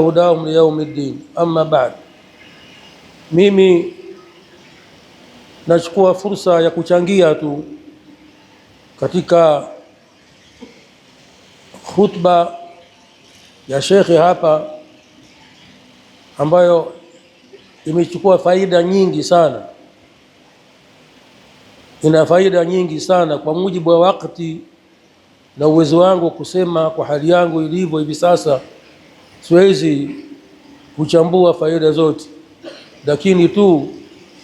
hudaahum liyaumiddin. Amma baad, mimi nachukua fursa ya kuchangia tu katika khutba ya shekhe hapa ambayo imechukua faida nyingi sana, ina faida nyingi sana kwa mujibu wa wakati na uwezo wangu kusema kwa hali yangu ilivyo hivi sasa siwezi kuchambua faida zote, lakini tu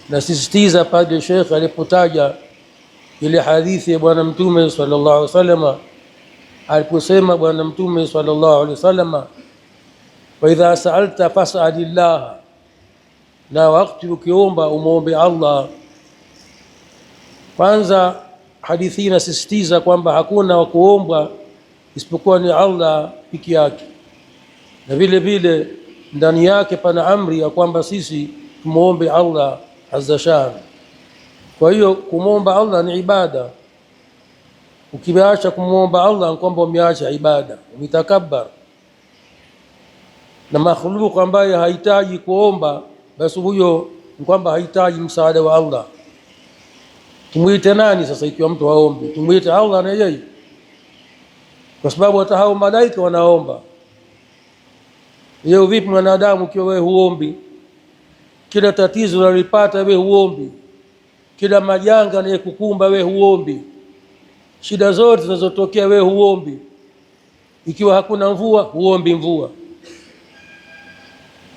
nasisitiza pale Sheikh alipotaja ile hadithi ya Bwana Mtume sallallahu alaihi wasallam aliposema Bwana Mtume sallallahu alaihi wasallam, wa idha saalta fasalillah, na wakati ukiomba umwombe Allah. Kwanza hadithi inasisitiza kwamba hakuna wa kuombwa isipokuwa ni Allah peke yake na vile vile ndani yake pana amri ya kwamba sisi tumuombe Allah azza shan. Kwa hiyo kumwomba Allah ni ibada. Ukiacha kumwomba Allah ni kwamba umeacha ibada, umetakabbar. Na makhluku ambaye hahitaji kuomba, basi huyo ni kwamba hahitaji msaada wa Allah. Tumwite nani sasa ikiwa mtu haombi? Tumwite Allah na yeye, kwa sababu hata hao malaika wanaomba Leo vipi mwanadamu, ukiwa wewe huombi, kila tatizo unalipata wewe huombi, kila majanga yanayokukumba wewe huombi, shida zote zinazotokea wewe huombi. Ikiwa hakuna mvua huombi mvua,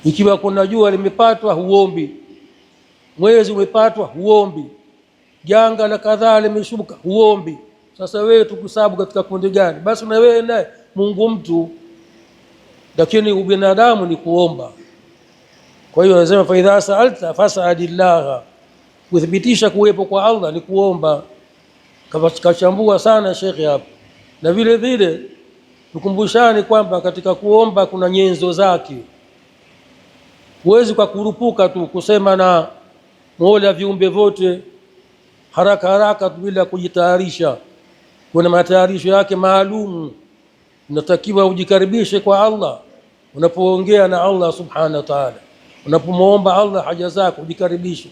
ikiwa kuna jua limepatwa huombi, mwezi umepatwa huombi, janga la kadhaa limeshuka huombi. Sasa wewe tukusabu katika kundi gani? Basi na wewe naye Mungu mtu lakini ubinadamu ni kuomba. Kwa hiyo anasema fa idha saalta fasalillaha, kuthibitisha kuwepo kwa Allah ni kuomba. Kachambua sana shekhe hapo, na vile vile tukumbushani kwamba katika kuomba kuna nyenzo zake. Huwezi kwa kurupuka tu kusema na mola viumbe vyote haraka haraka tu bila kujitayarisha. Kuna matayarisho yake maalumu. Unatakiwa ujikaribishe kwa Allah unapoongea na Allah subhanahu wa ta'ala, unapomwomba Allah haja zako ujikaribishe.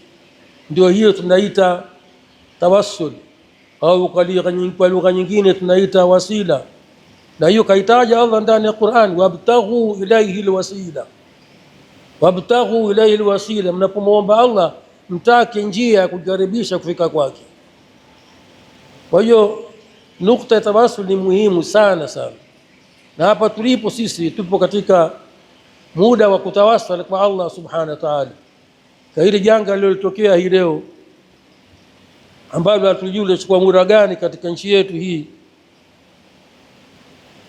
Ndio hiyo tunaita tawassul au kwa lugha nyingine tunaita wasila, na hiyo kaitaja Allah ndani ya Qur'an, wabtaghu ilayhi alwasila, wabtaghu ilayhi alwasila, mnapomwomba Allah mtake njia ya kujaribisha kufika kwake. Kwa hiyo nukta ya tawassul ni muhimu sana sana. Na hapa tulipo sisi tupo katika muda wa kutawasal kwa Allah subhanahu wa ta'ala, kwa hili janga lililotokea hii leo ambalo hatujui litachukua muda gani katika nchi yetu hii.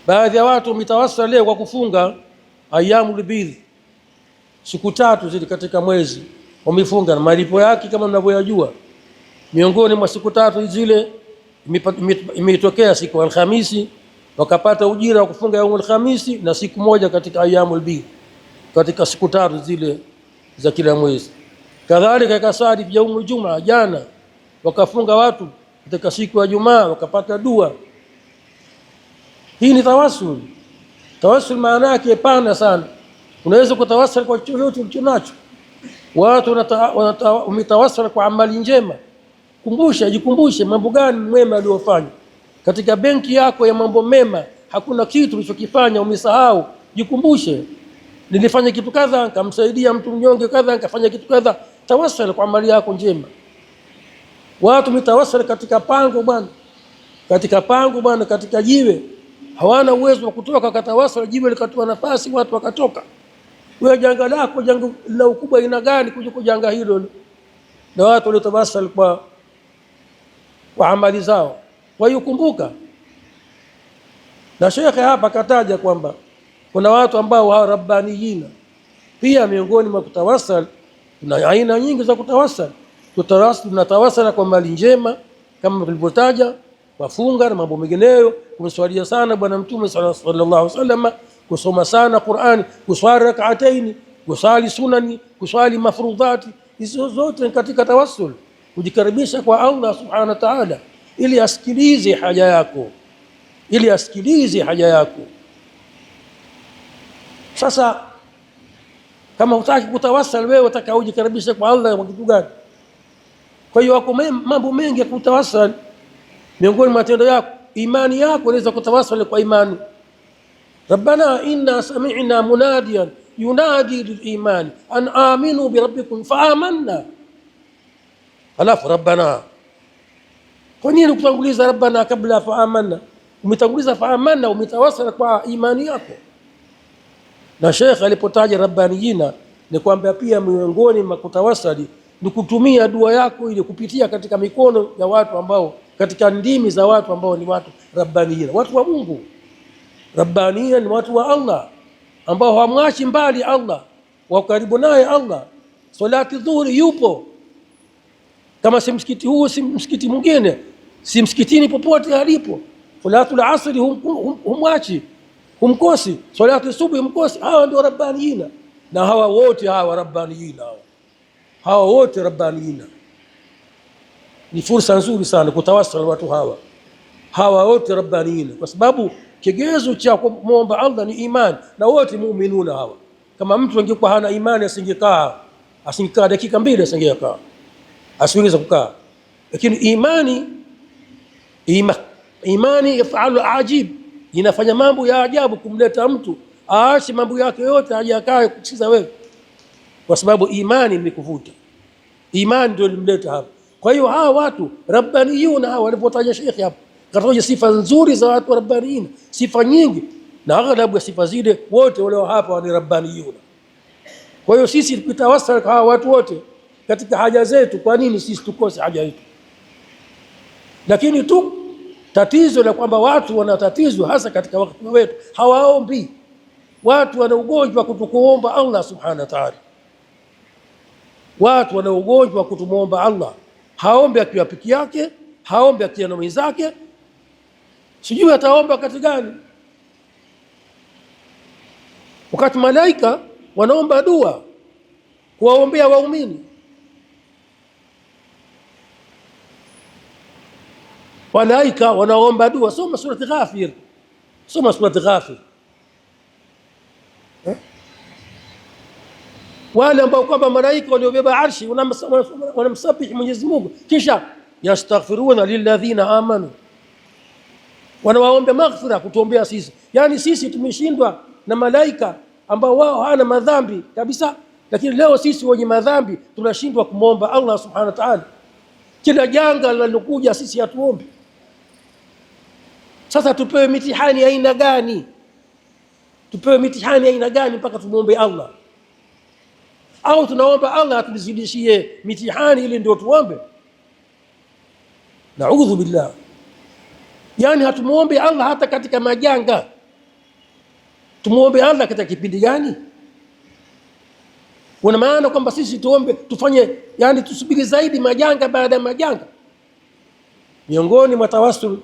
Baadhi ya watu wametawasal leo kwa kufunga ayyamul bidh, siku tatu zili katika mwezi wamefunga, na malipo yake kama mnavyoyajua. Miongoni mwa siku tatu zile imetokea siku Alhamisi wakapata ujira wa kufunga yaumul khamisi na siku moja katika ayamul bi katika siku tatu zile za kila mwezi. Kadhalika kasadi ya yaumul juma, jana wakafunga watu katika siku ya Jumaa wakapata dua. Hii ni tawassul tawassul maana yake pana sana, unaweza kutawassul kwa chochote ulichonacho. Watu wanatawassul kwa amali njema. Kumbusha, jikumbushe mambo gani mwema aliyofanya katika benki yako ya mambo mema hakuna kitu ulichokifanya umesahau, jikumbushe, nilifanya kitu kadha, nikamsaidia mtu mnyonge kadha, nikafanya kitu kadha. Tawassul kwa amali yako njema. Watu mitawassul katika pango bwana, katika pango bwana, katika jiwe. Hawana uwezo wa kutoka, katawassul jiwe likatoa nafasi, watu wakatoka. Wewe janga lako janga la ukubwa ina gani kuliko janga hilo? Na watu walitawassul kwa kwa amali zao waikumbuka. Na shekhe hapa kataja kwamba kuna watu ambao warabaniyina pia, miongoni mwa kutawasal kuna aina nyingi za kutawasal. Tunatawasala kwa mali njema kama tulivyotaja, kwa funga na mambo mengineyo, kumswalia sana Bwana Mtume sallallahu alaihi wasallam, kusoma sana Qur'ani, kuswali rak'ataini, kusali sunani, kuswali mafrudhati. Hizo zote katika tawassul, kujikaribisha kwa Allah subhanahu wa ta'ala ili asikilize haja yako, ili asikilize haja yako. Sasa kama hutaki kutawasal, wewe utaka ujikaribisha kwa Allah kwa kitu gani? Kwa hiyo wako mambo mengi ya kutawasal, miongoni mwa matendo yako, imani yako inaweza kutawasal kwa imani. Rabbana inna sami'na munadiyan yunadi lilimani an aminu birabbikum faamanna alafu rabbana kwa nini kutanguliza rabbana kabla faamanna? Umetanguliza faamanna, umetawasala kwa imani yako. Na Sheikh alipotaja rabbaniyina ni kwamba pia miongoni mwa kutawasali ni kutumia dua yako ili kupitia katika mikono ya watu ambao, katika ndimi za watu ambao ni watu rabbaniyina, watu wa Mungu. Rabbaniyina ni watu wa Allah ambao hawamwachi mbali Allah, wa karibu naye Allah. Salati dhuhuri yupo, kama si msikiti huu si msikiti mwingine si msikitini, popote alipo. Salatu al-asr humwachi, humkosi. Salatu subuhi humkosi. Hawa ndio rabbaniina, na hawa wote hawa rabbaniina, hawa wote rabbaniina. Ni fursa nzuri sana kutawasala watu hawa hawa wote rabbaniina, kwa sababu kigezo cha kumwomba Allah ni imani, na wote muuminuna hawa. Kama mtu angekuwa hana imani asingekaa asingekaa dakika mbili, asingekaa asiweza kukaa, lakini imani Ima, imani yafalu ajib, inafanya mambo ya ajabu, kumleta mtu aache mambo yake yote aje akae kusikiza wewe, kwa sababu imani imekuvuta. Imani ndio ilimleta hapa. Kwa hiyo hawa watu rabbaniyuna hawa walipotaja shekhi hapa kataja sifa nzuri za watu rabbaniyina, sifa nyingi, na aghlabu ya sifa zile wote wale wa hapa ni rabbaniyuna. Kwa hiyo sisi tukitawasal kwa hawa watu wote katika haja zetu, kwa nini sisi tukose haja yetu? Lakini tu tatizo la kwamba watu tatizo hasa katika wakati wetu, hawaombi. Watu wana ugonjwa kutokuomba Allah subhanahu wa ta'ala, watu wana ugonjwa kutomwomba Allah. Haombi akiwa peke yake, haombi akiwa na mwenzake, sijui ataomba wakati gani, wakati malaika wanaomba dua kuwaombea waumini Malaika wanaoomba dua, soma surati Ghafir, soma surati Ghafir eh? Wale ambao kwamba malaika waliobeba arshi wanamsabihi Mwenyezi Mungu, kisha yastaghfiruna lilladhina amanu, wanawaombea maghfira, kutuombea sisi. Yani sisi tumeshindwa na malaika ambao wao hawana madhambi kabisa, lakini leo sisi wenye madhambi tunashindwa kumwomba Allah subhanahu wa ta'ala. Kila janga linalokuja sisi hatuombi. Sasa tupewe mitihani aina gani? Tupewe mitihani aina gani mpaka tumwombe Allah? Au tunaomba Allah atuzidishie mitihani ili ndio tuombe? Naudhu billah. Yani hatumwombe Allah hata katika majanga. Tumwombe Allah katika kipindi gani? una maana kwamba sisi tuombe tufanye, yani tusubiri zaidi majanga baada ya majanga, miongoni mwa tawasul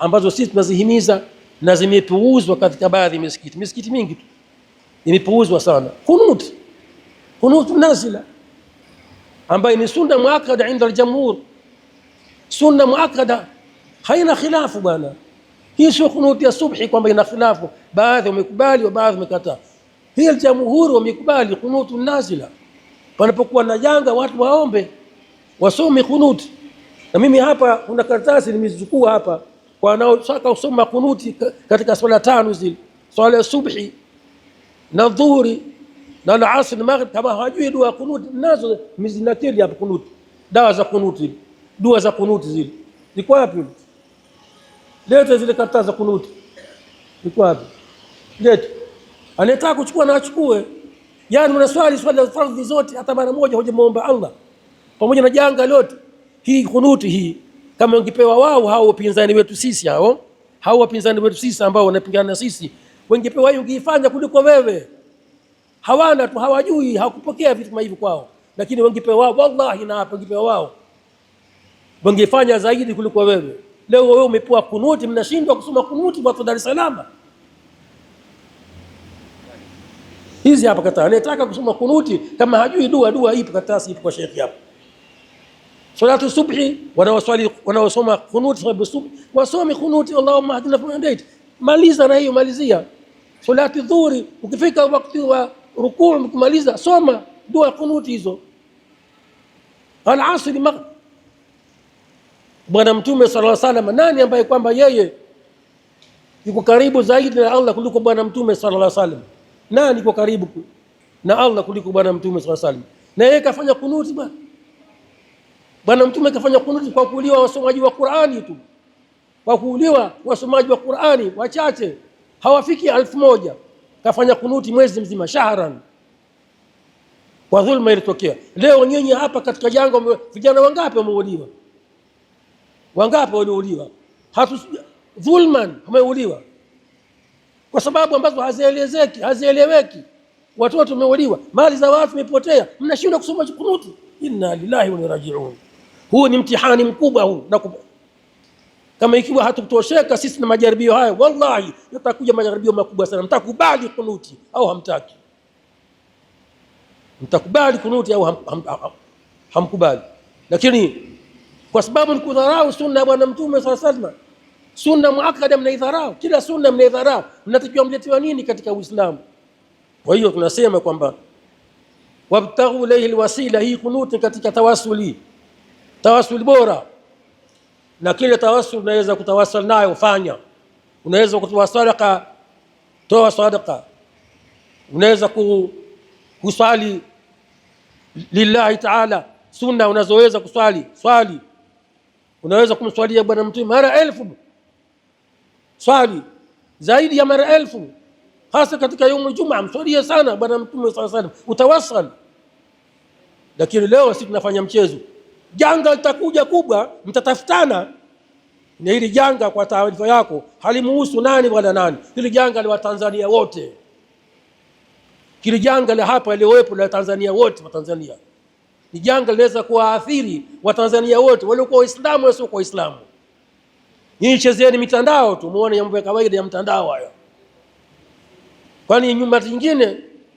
ambazo sisi tunazihimiza na zimepuuzwa katika baadhi ya misikiti. Misikiti mingi tu imepuuzwa sana, Kunut kunut nazila ambayo ni sunna muakkada inda aljamhur, sunna muakkada haina khilafu bwana. Hii sio kunut ya subhi kwamba ina khilafu, baadhi wamekubali wa baadhi wamekataa. Hii aljamhur wamekubali kunut nazila, panapokuwa na janga watu waombe wasome kunut. Na mimi hapa kuna karatasi nimezichukua hapa kwa wanaotaka kusoma kunuti katika swala tano zile, swala ya subhi na dhuhuri na alasr na maghrib, kama hawajui dua kunuti nazo mizinatili hapo. Kunuti, dawa za kunuti, dua za kunuti zile ziko wapi? Lete zile kata za kunuti ziko wapi? Lete, anataka kuchukua na achukue. Yani mnaswali za fardhi zote, hata mara moja hujamuomba Allah pamoja na janga lote. Hii kunuti hii kama wangepewa wao hao wapinzani wetu sisi, hao hao wapinzani wetu sisi ambao wanapingana na sisi, wangepewa hiyo ungeifanya kuliko wewe. Hawana tu, hawajui, hawakupokea vitu kama hivi kwao, lakini wangepewa wao, wallahi na hapa wangepewa wao, wangefanya zaidi kuliko wewe. Leo wewe umepewa kunuti, mnashindwa kusoma kunuti, kwa Dar es Salaam hizi hapa kata anataka kusoma kunuti, kama hajui dua, dua ipo katasi ipo kwa shekhi hapa, salatu subhi wanawaswali wanaosoma kunut kunuti wasome kunut Allahumma hadina fiman hadait, maliza na hiyo malizia. Salati dhuhri ukifika wakati wa rukuu ukimaliza, soma dua kunut hizo. al Alasri Bwana Mtume sallallahu alaihi wasallam, nani ambaye kwamba yeye yuko karibu zaidi na Allah kuliko Bwana Mtume sallallahu alaihi wasallam? Nani yuko karibu na Allah kuliko Bwana Mtume sallallahu alaihi wasallam? Na yeye kafanya kunut bwana Bwana Mtume akafanya kunuti kwa kuuliwa wasomaji wa Qur'ani tu, kwa kuuliwa wasomaji wa Qur'ani wachache hawafiki elfu moja kafanya kunuti mwezi mzima shahran, kwa dhulma ilitokea. Leo nyinyi hapa katika jango, vijana wangapi wameuliwa? Wangapi waliuliwa? hatu dhulman, wameuliwa kwa sababu ambazo hazielezeki, hazieleweki. Watoto wameuliwa, mali za watu zimepotea, mnashindwa kusoma kunuti. Inna lillahi wa inna ilaihi rajiun. Huu ni mtihani mkubwa huu na kubwa. Kama ikiwa hatutosheka sisi na majaribio haya, wallahi yatakuja majaribio makubwa sana. Mtakubali kunuti au hamtaki? Mtakubali kunuti au ham, ham, ham, hamkubali? Lakini kwa sababu ni kudharau sunna ya Bwana Mtume sala salama, sunna muakada mnaidharau, kila sunna mnaidharau. Mnatajua mletewa nini katika Uislamu? Kwa hiyo tunasema kwamba wabtaghu ilayhi alwasila, hii kunuti katika tawasuli tawasul bora na kile tawasul unaweza kutawasal nayo, fanya. Unaweza kutoa sadaka, toa sadaka. Unaweza kuswali lillahi taala, sunna unazoweza kuswali swali. Unaweza kumswalia Bwana Mtume mara elfu, swali zaidi ya mara elfu, hasa katika yaumu Jumaa, mswalie sana Bwana Mtume sallallahu alaihi wasallam, utawasal. Lakini leo sisi tunafanya mchezo janga litakuja kubwa, mtatafutana. Na hili janga, kwa taarifa yako, halimuhusu nani wala nani. Hili janga la Watanzania wote, hili janga la hapa iliyowepo la Tanzania wote, Watanzania ni janga linaweza kuwaathiri Watanzania wote waliokuwa Waislamu wasio kwa Waislamu. Nyinyi chezeni mitandao tu muone mambo ya kawaida ya mtandao hayo, kwani nyumba zingine,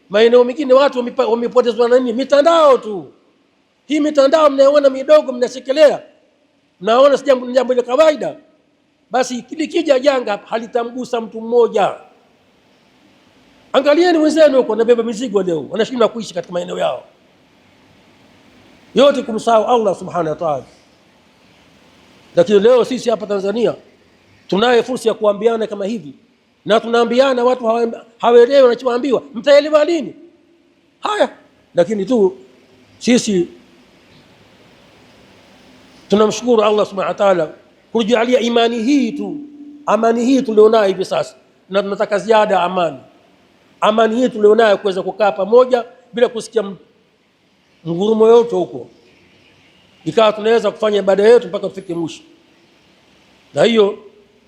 maeneo mengine watu wamepotezwa na nini? Mitandao tu. Hii mitandao mnayoona midogo, mnashekelea, mnaona si jambo jambo la kawaida. Basi likija janga halitamgusa mtu mmoja. Angalieni wenzenu huko wanabeba mizigo leo, wanashindwa kuishi katika maeneo yao yote, kumsahau Allah subhanahu wa ta'ala. Lakini leo sisi hapa Tanzania tunaye fursa ya kuambiana kama hivi, na tunaambiana, watu hawaelewi wanachoambiwa. Mtaelewa lini? Haya, lakini tu sisi Tunamshukuru Allah subhanahu wa ta'ala kujalia imani hii tu, amani hii tulionayo hivi sasa, na tunataka ziada amani, amani hii tulionayo kuweza kukaa pamoja bila kusikia ngurumo yote huko, ikawa tunaweza kufanya ibada yetu mpaka tufike mwisho. Na hiyo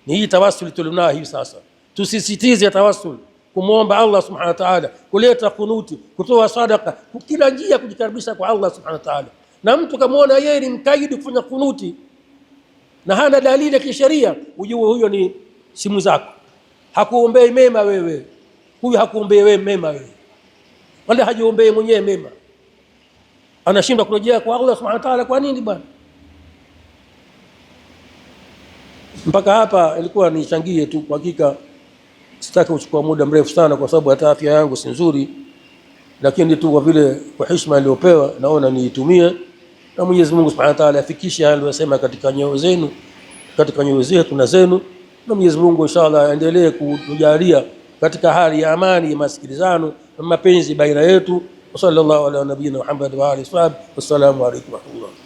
ni hii tawasul tulionayo hivi sasa, tusisitize tawasul kumwomba Allah subhanahu wa ta'ala, kuleta kunuti, kutoa sadaka, kila njia kujikaribisha kwa Allah subhanahu wa ta'ala na mtu kamwona yeye ni mkaidi kufanya kunuti na hana dalili ya kisheria, ujue huyo ni simu zako, hakuombei mema wewe. Huyu hakuombei wewe mema wewe, wala hajiombei mwenyewe mema, anashindwa kurejea kwa Allah subhanahu wa ta'ala. Kwa nini bwana? Mpaka hapa ilikuwa nichangie tu, kwa hakika sitaki kuchukua muda mrefu sana, kwa sababu hata afya yangu si nzuri, lakini tu kwa vile kwa heshima iliyopewa naona niitumie na Mwenyezi Mungu Subhanahu wa Ta'ala afikishe haya aliyosema katika nyoyo zenu, katika nyoyo zetu na zenu, na Mwenyezi Mungu inshallah aendelee kutujalia katika hali ya amani, ya masikilizano na mapenzi baina yetu. Sallallahu ala nabiyina Muhammad wa alihi wasallam. Wassalamu alaykum wa rahmatullah.